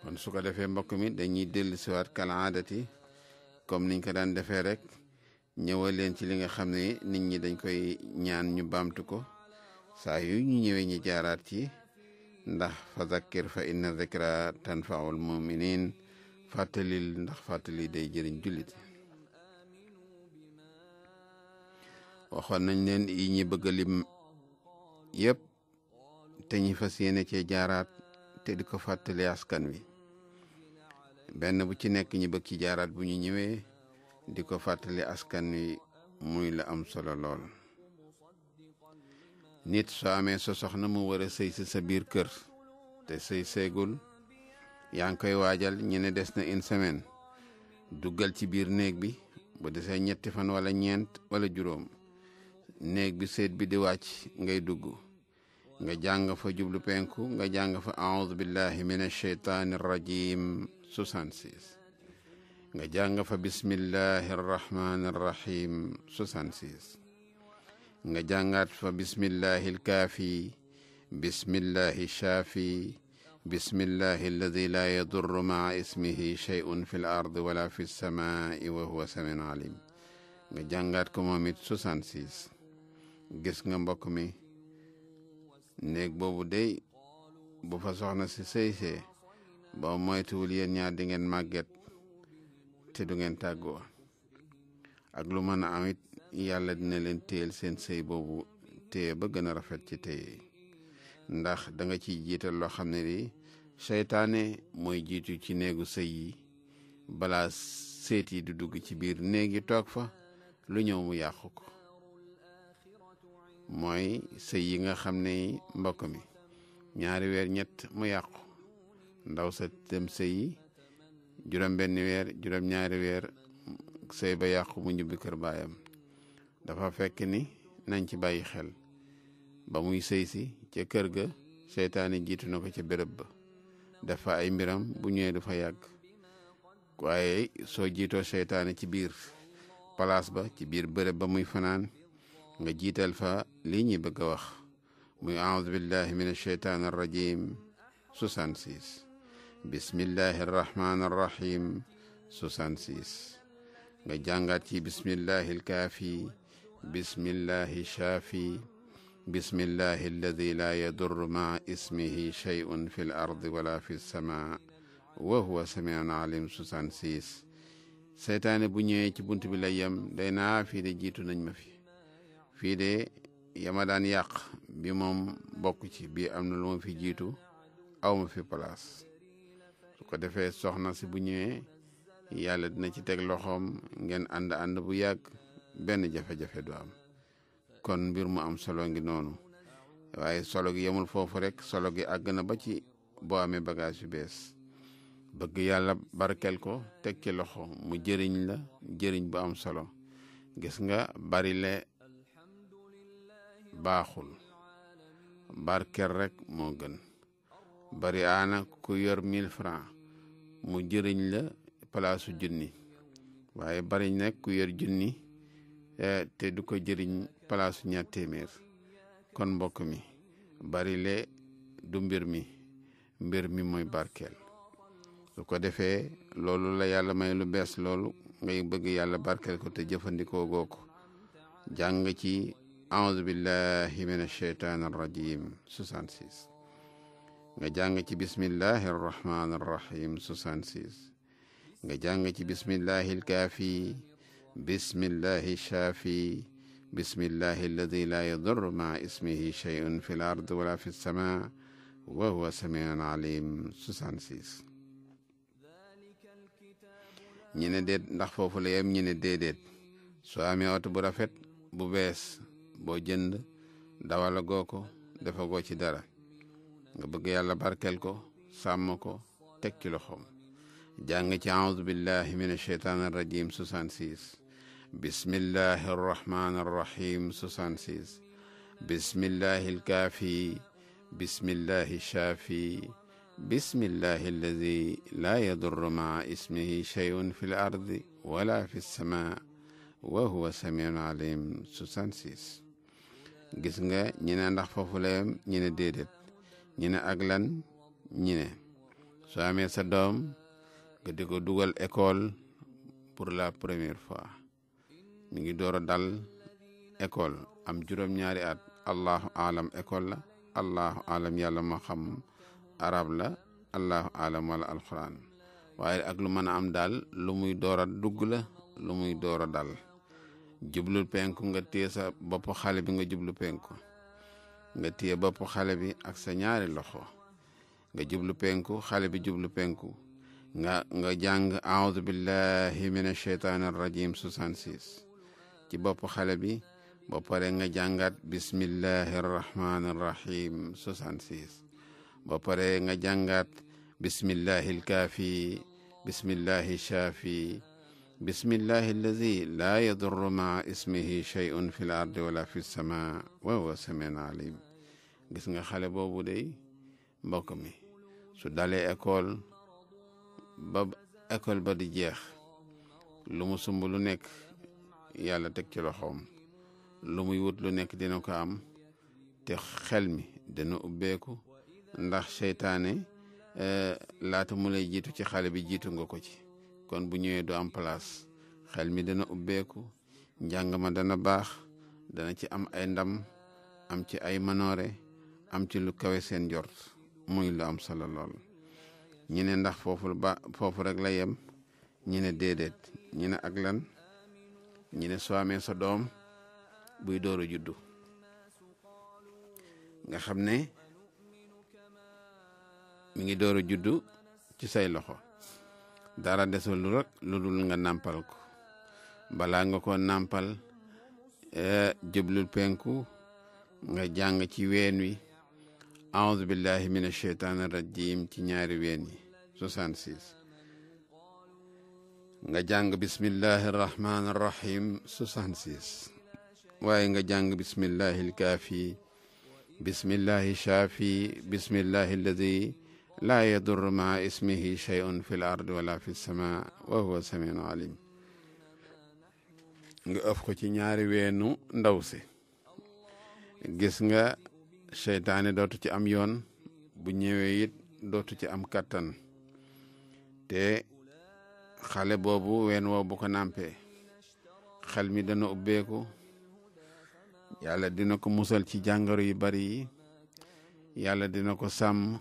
kon su ko defee mbokk mi dañuy dellu siwaat kal aadati comme niñ ko daan defee rek ñëwal leen ci li nga xam ne nit ñi dañ koy ñaan ñu baamtu ko saa yu ñu ñëwee ñi jaaraat ci ndax fa zakkir fa inna zikra tanfaul muminin fàttalil ndax fàttali day jëriñ jullit waxoon nañ leen yi ñi bëgg a lim yëpp te ñi fas yéene cee jaaraat te di ko fàttali askan wi benn bu ci nekk ñi bëgg ci jaaraat bu ñu ñëwee di ko fàttali askan wi muy la am solo lool nit soo amee sa soxna mu war a sëy si sa biir kër te sëy seegul yaa ngi koy waajal ñu ne des na une semaine duggal ci biir néeg bi bu desee ñetti fan wala ñeent wala juróom néeg bi seet bi di wàcc ngay dugg nga jàng fa jublu penku nga jàng fa aoudu billahi min alcheytaani arrajim 66 nga jàng fa bismillahi arrahmani arrahim 66 nga jàngaat fa bismillahi alkaafi bismillahi shaafi bismillahi alladi laa yadurru maa ismihi shay'un fi l ard wala fi lsamaai wa huwa samin alim nga jàngaat ko moom it 66 gis nga mbokk mi néeg boobu day bu fa soxna si sëysee ba moytuwul yéen ñaar di ngeen màgget te du ngeen tàggoo ak lu mën a am it yàlla dina leen téyel seen sëy boobu téye ba gën a rafet ci téye ndax danga nga ciy jiital loo xam ne li seytaane mooy jiitu ci néegu sëy yi balaa seet yi du dugg ci biir néegi toog fa lu ñëw mu yàqu ko mooy sëy yi nga xam ne mbokk mi ñaari weer ñett mu yàqu ndaw sa dem sëy yi juróom benn weer juróom ñaari weer sëy ba yàqu mu ñibbi kër baayam dafa fekk ni nañ ci bàyyi xel ba muy sëy si ca kër ga seytaane jiitu na ko ca bërëb ba dafa ay mbiram bu ñëwee du fa yàgg waaye soo jiitoo seytaane ci biir palaas ba ci biir bërëb ba muy fanaan nga jiital fa lii ñuy bëgg a wax muy aoudu billahi min alcheytaan arrajim 66 bismillahi arrahman arrahim 66 nga jàngaat ci bismillahi alkaafi bismillahi shaafi bismillahi alladi laa yadurru ma ismihi shay'un fi l wala fi sama wa huwa samiun alim 66 seytaane bu ñëwee ci bunt bi la yem day naa fii de jiitu nañ ma fi fii de yama daan yàq bi moom bokk ci bii am na lu fi jiitu aw ma fi place su ko defee soxna si bu ñëwee yàlla dina ci teg loxoom ngeen ànd ànd bu yàgg benn jafe-jafe du am kon mbir mu am solo ngi noonu waaye solo gi yemul foofu rek solo gi àgg na ba ci boo amee bagage yu bees bëgg yàlla barkel ko teg ci loxo mu jëriñ la jëriñ bu am solo gis nga bari le baaxul barkel rek moo gën bari aana ku yor mille francs mu jëriñ la palaasu junni waaye bariñ nag ku yor junni Eh, te du ko jëriñ palaasu ñaar kon mbokk mi bari du mbir mi mbir mi mooy barkeel su ko defee loolu la yàlla may lu bees loolu ngay bëgg yàlla barkeel ko te jëfandikoo goo ko jàng ci aouzu billahi min asheytaan arrajim 66 nga jàng ci bismillahi arrahman arrahim 66 nga jàng ci bismillahi alkaafi بسم الله الشافي بسم الله الذي لا يضر مع اسمه شيء في الأرض ولا في السماء وهو سميع عليم 66 ñu ne déet ndax foofu la yem ñu ne déedéet soo amee oto bu rafet bu bees boo jënd dawala goo ko dafa goo ci dara nga bëgg yàlla barkel ko sàmm ko teg ci loxoom jàng ci audu billahi min asheytaan arrajim 66 بسم الله الرحمن الرحيم سوسانسيز بسم الله الكافي بسم الله الشافي بسم الله الذي لا يضر مع اسمه شيء في الأرض ولا في السماء وهو سميع عليم سوسانسيز جسنجا نينا ñi ne ndax foofu la yem ñi ne déedéet ñi ne ak lan ñi ne soo amee pour la première fois ngi door a am juróom-ñaari at allahu alam école la allahu alam yàlla ma xam arab la allahu alam wala alquran waaye ak lu mën a am daal lu muy door dugg la lu muy door a dal jublu penku nga téye sa bopp xale bi nga jublu penku nga téye bopp xale bi ak sa ñaari loxo nga jublu penku xale bi jublu penku nga nga jàng aoudu billahi min alcheytaani arrajim 66 ci bopp xale bi ba pare nga jàngat bismillahi rahmaani rahim 66 ba pare nga jàngat bismillahi alkaafi bismillahi shafi bismillahi allazi la yadurru ma ismihi shay'un fi l ardi wala fi sama wa huwa samiun alim gis nga xale boobu day mbokk mi su dalee école ba école ba di jeex lu mu sumb lu nekk yàlla teg ci loxoom lu muy wut lu nekk dino ko am te xel mi dana ubbeeku ndax seytaane eh, laata mu lay jiitu ci xale bi jiitu nga ko ci kon bu ñëwee du am place xel mi dana ubbeeku njàng ma dana baax dana ci am ay ndam am ci ay manore am ci lu kawe seen jort muy lu am solo lool ñu ne ndax foofu ba foofu rek la yem ñu ne déedéet ñu ne ak lan ñine soamen sa doom buy dooro juddu nga xam ne mi ngi dooro juddu ci say loxo dara desul lu rek ludul nga nàmpal ko balaa nga ko nàmpal e, jublul penku nga jàng ci ween wi aus billahi min alcheytan alrajim ci ñaari ween yi 66 nga jàng bismillahi rahmaani rahim 66 waaye nga jàng bismillahi alkaafi bismillahi shaafi bismillahi alladi laa yadur maa ismihi shayun fi l ard wala fi lsama wa huwa samiun alim nga ëf ko ci ñaari weenu ndaw si gis nga seytaane dootu ci am yoon bu ñëwee it dootu ci am kattan te xale boobu ween woo bu ko nàmpee xel mi dana ubbeeku yàlla dina ko musal ci jàngoro yu bari yi yàlla dina ko sàmm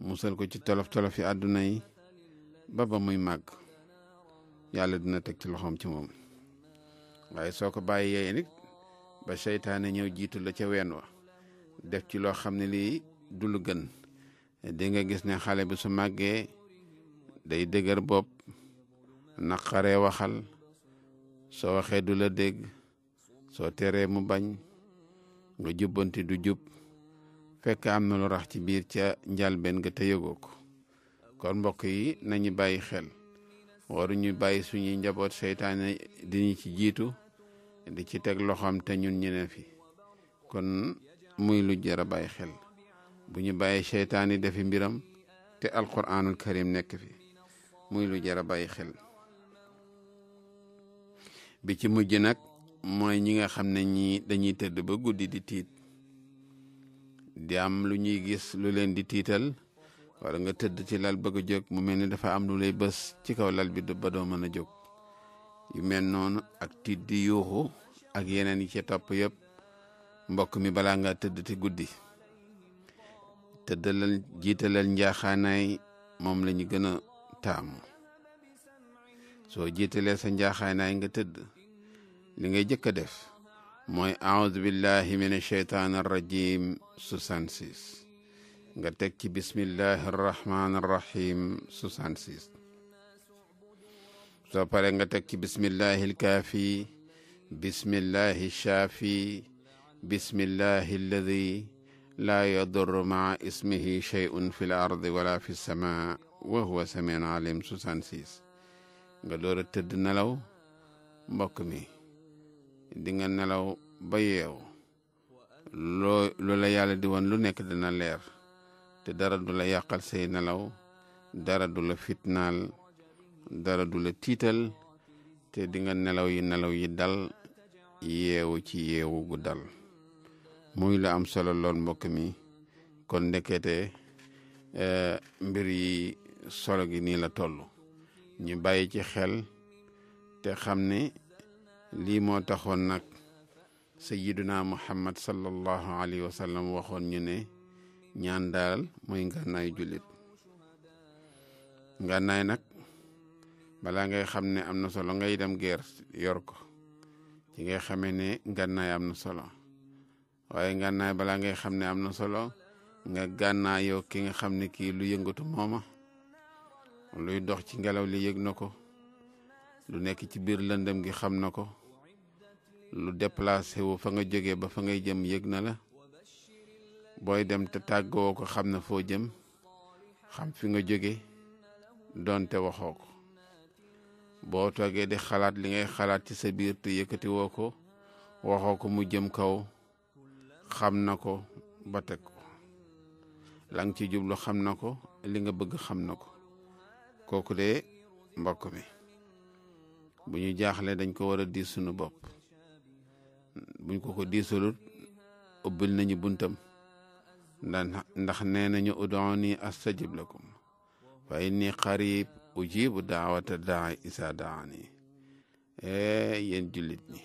musal ko ci tolof-tolof yi àdduna yi ba ba muy màgg yàlla dina teg ci loxoom ci moom waaye soo ko bàyyee nit ba seytaane ñëw jiitu la ca ween wa def ci loo xam ne lii du gën di nga gis ne xale bi su màggee day dëgër bopp naqaree waxal soo waxee du la dégg soo teree mu bañ nga jubbanti du jub fekk am na lu rax ci biir ca njalbeen nga te ko kon mbokk yi nañu bàyyi xel waruñu bàyyi suñuy njaboot seytaane diñu ci jiitu di ci teg loxoom te ñun ñu fi kon muy lu jar a bàyyi xel bu ñu bàyyi seytaane defi mbiram te alquranul karim nekk fi muy lu jar a bàyyi xel bi ci mujj nag mooy ñi nga xam ne ñii dañuy tëdd ba guddi di tiit di am lu ñuy gis lu leen di tiital wala nga tëdd ci lal bëgg jóg mu mel ni dafa am lu lay bës ci kaw lal bi ba doo mën a jóg yu mel noonu ak tiit di yuuxu ak yeneen yi ci topp yëpp mbokk mi balaa nga tëdd ti guddi tëddalal jiitalal njaaxaanaay moom la gën a taamu soo jiitalee sa njaaxaay naay nga tëdd li ngay jëkk a def mooy aoudu billahi min asheytaan arrajim 66 nga teg ci bismillahi arrahman arrahim 66 soo pare nga teg ci bismillahi alkaafi bismillahi shaafi bismillahi alladi laa yadurru maa ismihi sheyun fi l ardi wala fi lsama wa huwa samiun alim nga door a tëdd nelaw mbokk mi dinga nelaw ba yeew loo la yàlla di woon lu nekk dina leer te dara du la yàqal say nelaw dara du la fitnaal dara du la tiital te dinga nelaw yi nelaw yi dal yeewu ci yeewu gu dal muy la am solo lool mbokk mi kon ndekete eh, mbir yi solo gi nii la tollu ñu bàyyi ci xel te xam ne lii moo taxoon nag sayiduna muhammad sallallahu alayhi wa waxoon ñu ne ñaan daal mooy ngànnaayu jullit ngànnaay nag bala ngay xam ne am na solo ngay dem guerre yor ko ci ngay xamee ne gannaay am na solo waaye ngànnaay balaa ngay xam ne am na solo nga gànnaayoo ki nga xam ne kii lu yëngatu mooma luy dox ci ngelaw li yég na ko lu nekk ci biir lëndëm gi xam na ko lu déplacé wu fa nga jóge ba fa ngay jëm yég na la booy dem te tàggoo ko xam na foo jëm xam fi nga jóge doonte waxoo ko boo toogee di xalaat li ngay xalaat ci sa biir te yëkkati woo ko waxoo ko mu jëm kaw xam na ko ba teg ko la nga ci jublu xam na ko li nga bëgg xam na ko kooku de mbokk mi bu ñu jaaxlee dañ ko war a diis suñu bopp buñ ko ko diisalut ubbil nañu buntam ndax ndax nee nañu udooni astajib lakum fa inni qarib ujibu daawata daay isa daani ee yéen jullit ñi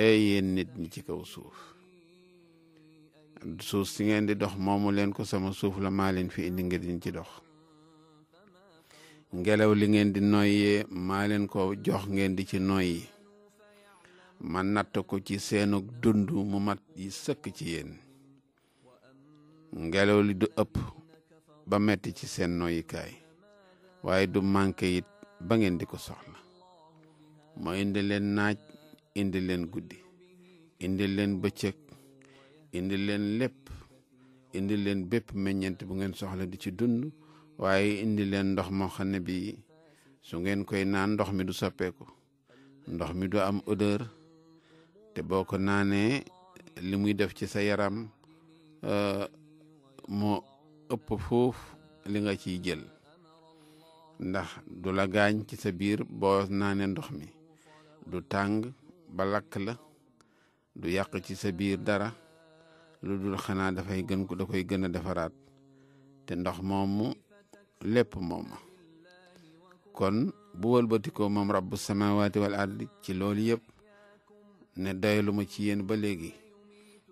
ee yéen nit ñi ci kaw suuf suuf si ngeen di dox moomu leen ko sama suuf la maa leen fi indi ngir ñu ci dox ngelawli ngen di noyye maalen ko jox ngen di ci noyyi man natt ko ci seenug dund mu mat yi sëkk ci yéen ngelawli du ëpp ba metti ci seen noyikaay waaye du manqué it ba ngeen di ko soxla ma indi leen naaj indi leen guddi indi leen bëccëg indi leen lépp indi leen bépp meññent bu ngeen soxla di ci dund waaye indi leen ndox moo xam ne bii su ngeen koy naan ndox mi du soppeeku ndox mi du am odeur te boo ko naanee li muy def ci sa yaram euh, moo ëpp foofu li nga ciy jël ndax du la gaañ ci sa biir boo naanee ndox mi du tàng ba lakk la du yàq ci sa biir dara lu dul xanaa dafay gën ko da koy gën a defaraat te ndox moomu lépp moom kon bu wëlbatikoo moom rabbu samawaati wal ardi ci loolu yépp ne dayaluma ci yéen ba léegi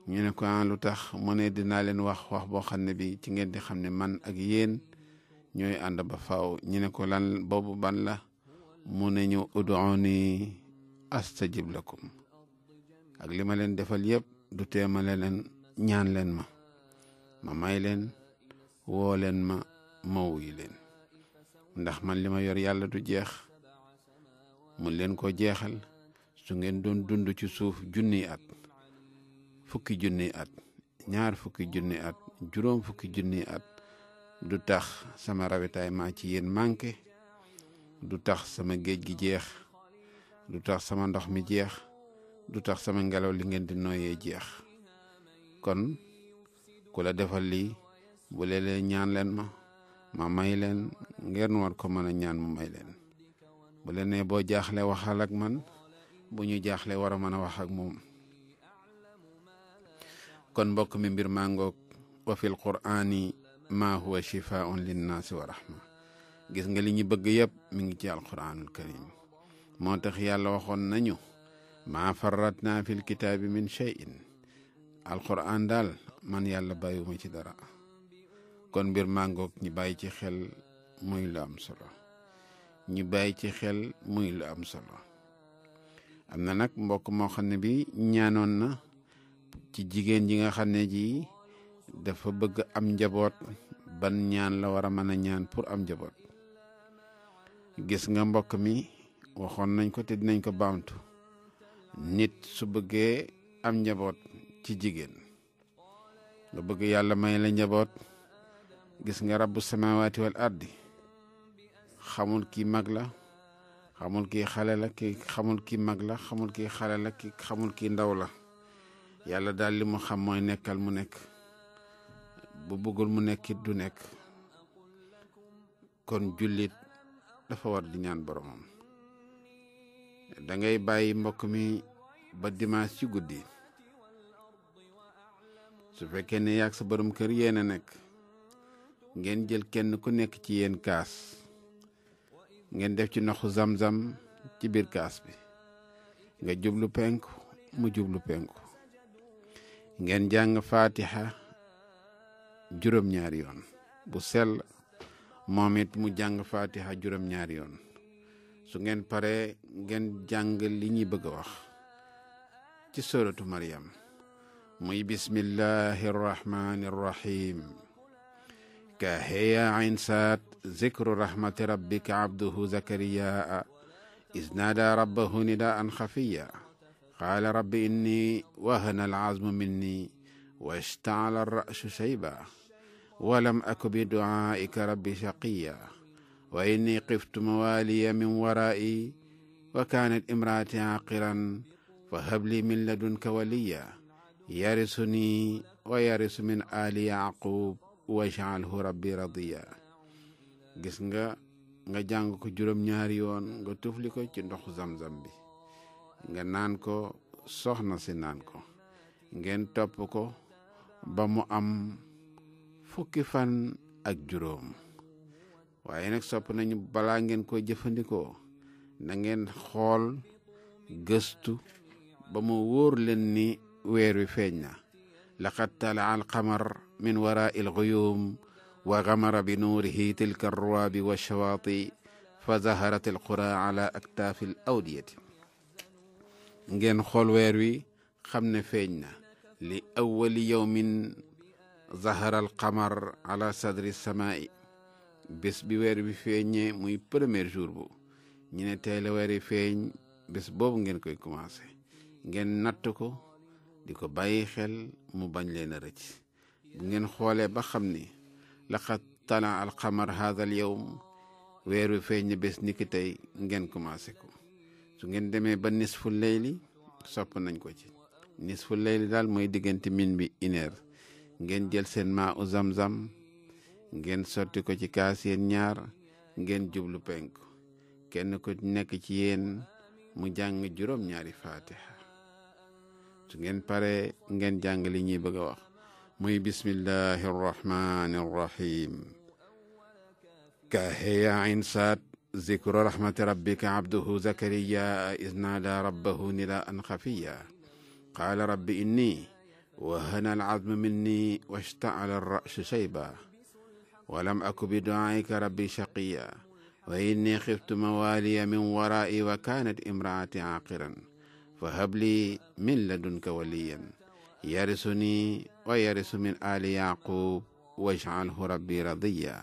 ñu ne ko ah, lu tax mu ne dinaa leen wax wax boo xam ne bi ci ngeen di xam ne man ak yéen ñooy ànd ba faw ñu ne ko lan boobu ban la mu ne ñu uduuni astajib lakum ak li ma leen defal yépp du teemale leen ñaan leen ma ma may leen woo leen ma ma leen ndax man li ma yor yàlla du jeex mun leen koo jeexal su ngeen doon dund ci suuf junniy at fukki junniy at juróom fukki junni at du tax sama rawitaay maa ci yéen manqué du tax sama géej gi jeex du tax sama ndox mi jeex du tax sama ngelaw li ngeen di nooyee jeex kon ku la defal lii bu lee ñaan leen ma ma may leen ngeen war ko mën a ñaan ma may leen bu leen ne boo jaaxle waxal ak man bu ñu jaaxle war a mën a wax ak moom kon mbokk mi mbir màngook ngoog wa fil qur'ani ma huwa shifaun linnaasi wa rahma gis nga li ñu bëgg yëpp mi ngi ci alquranul karim moo tax yàlla waxoon nañu maa farratna fil kitaabi min shay'in alquran daal man yàlla bàyyiwuma ci dara kon bir mangok ñi bàyyi ci xel muy lu am solo ñi bàyyi ci xel muy lu am solo amna na mbokk mo xamne bi ñaanon na ci jigen ji nga xamne ji dafa bëgg am njabot ban ñaan la wara mëna pur ñaan pour am njabot gis nga mbokk mi waxon nañ ko te dinañ ko nit su bëgge am njabot ci jigen nga bëgg yalla may la njabot gis nga rabbu samawati wal xamul kii mag la xamul kii xale la ki xamul mag la xamul kii xale la ki xamul kii ndaw la yàlla daal mu xam mooy nekkal mu nekk bu bëggul mu nekkit du nekk kon jullit dafa war di ñaan boromam dangay bàyyi mbokk mi ba dimanche ci guddi su fekkee ne yaag sa borom kër yeena nekk ngeen jël kenn ku nekk ci yenn kaas ngeen def ci ndoxu zam-zam ci biir kaas bi nga jublu penku mu jublu penku ngeen jàng faatiha juróom-ñaari yoon bu sell moom mu jàng faatiha juróom-ñaari yoon su ngeen paree ngeen jàng li ñuy bëgg a wax ci suratu mariyam muy bismillahi كهي عين سات ذكر رحمة ربك عبده زكريا إذ نادى ربه نداء خفيا قال رب إني وهن العظم مني واشتعل الرأس شيبا ولم أك بدعائك رب شقيا وإني قفت موالي من ورائي وكانت امرأتي عاقرا فهب لي من لدنك وليا يرثني ويرث من آل يعقوب waj'alhu rabbi radiya gis nga nga jang ko juróom ñaari yoon nga tufli ko ci ndoxu zamzam bi nga naan ko soxna si naan ko ngeen topp ko ba mu am fukki fan ak juróom waaye nag sopp nañu balaa ngeen koy jëfandikoo na ngeen xool gëstu ba mu wóor leen ni weer wi feeñ لقد تلع القمر من وراء الغيوم وغمر بنوره تلك الرواب والشواطئ فظهرت القرى على أكتاف الأولية جن خلويروي خمن فينا لأول يوم ظهر القمر على صدر السماء بس بيروي فيني مي برمير جوربو نينا تيلويري فين بس بوب جن كوي كماسي جن نتكو di ko bàyyi xel mu bañ leen a rëcc bu ngeen xoolee ba xam ni laqad tala alxamar haadha al yawm weer wi feeñ tey ngeen commencé ko su ngeen demee ba nisfu layli sopp nañ ko ci nisfu layli daal mooy diggante min bi une ngeen jël seen maa u zam-zam ngeen sotti ko ci kaas yéen ñaar ngeen jublu penk kenn ko nekk ci yéen mu jàng juróom-ñaari faatiha su ngeen paree ngeen jàng li ñuy bëgg a wax muy bismillahi arrahmani arrahim كهيا عين ذكر رحمة ربك عبده زكريا إذ نادى ربه نداء خفيا قال رب إني وهن العظم مني واشتعل الرأس شيبا ولم أك بدعائك ربي شقيا وإني خفت موالي من ورائي وكانت امرأتي عاقرا وهب لي من لدنك وليا يرثني ويرث من آل يعقوب واجعله ربي رضيا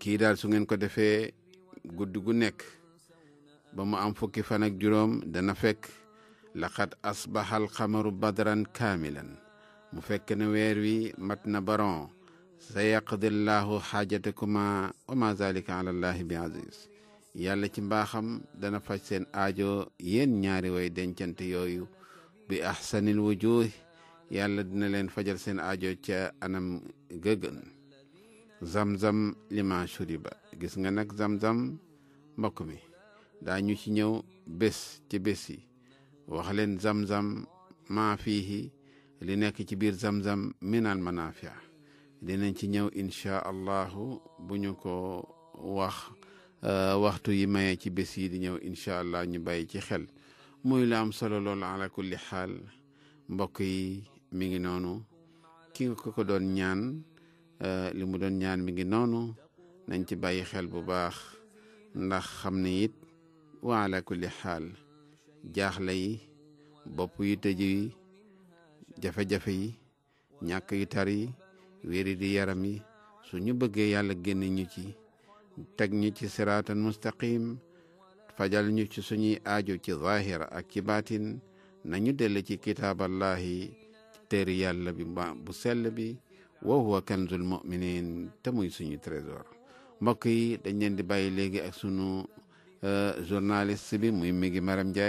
كي دار سونين كو ديفي غود بما ام فنك جروم دنفك لقد اصبح القمر بدرا كاملا مفك نوير وي برون سيقضي الله حاجتكما وما ذلك على الله بعزيز yàlla ci mbaaxam dana faj seen aajo yéen ñaari way dencante yooyu bi ahsanil wujuh yàlla dina leen fajal seen aajo ca anam gëgën zam-zam lima shuriba gis nga nag zam-zam mbokk mi daañu ci ñëw bés ci bés yi wax leen zam-zam maa fiihi li nekk ci biir zam-zam minal manafia dinañ ci ñëw inchaa allahu bu ñu ko wax Euh, waxtu yi maye ci bés yi di ñëw incha allah ñu bàyyi ci xel muy la am solo loolu ala kulli xaal mbokk yi mi ngi noonu ki nga ko doon ñaan euh, li mu doon ñaan mi ngi noonu nañ ci bàyyi xel bu baax ndax xam ni it wa ala kulli xaal jaaxle yi bopp yu tëj yi jafe-jafe yi ñàkk yu tar yi wéeri di yaram yi su ñu bëggee yàlla génn ñu ci teg ñu ci siraatan mustaqim fajal ñu ci suñuy aajo ci zahir ak ci baatin nañu dell ci kitaaballahi téeri yàlla bi bu sell bi wa huwa kanzul muminin te muy suñu trésor mbokk yi dañ leen di bàyyi léegi ak sunu euh, journaliste bi muy mi maram Njaay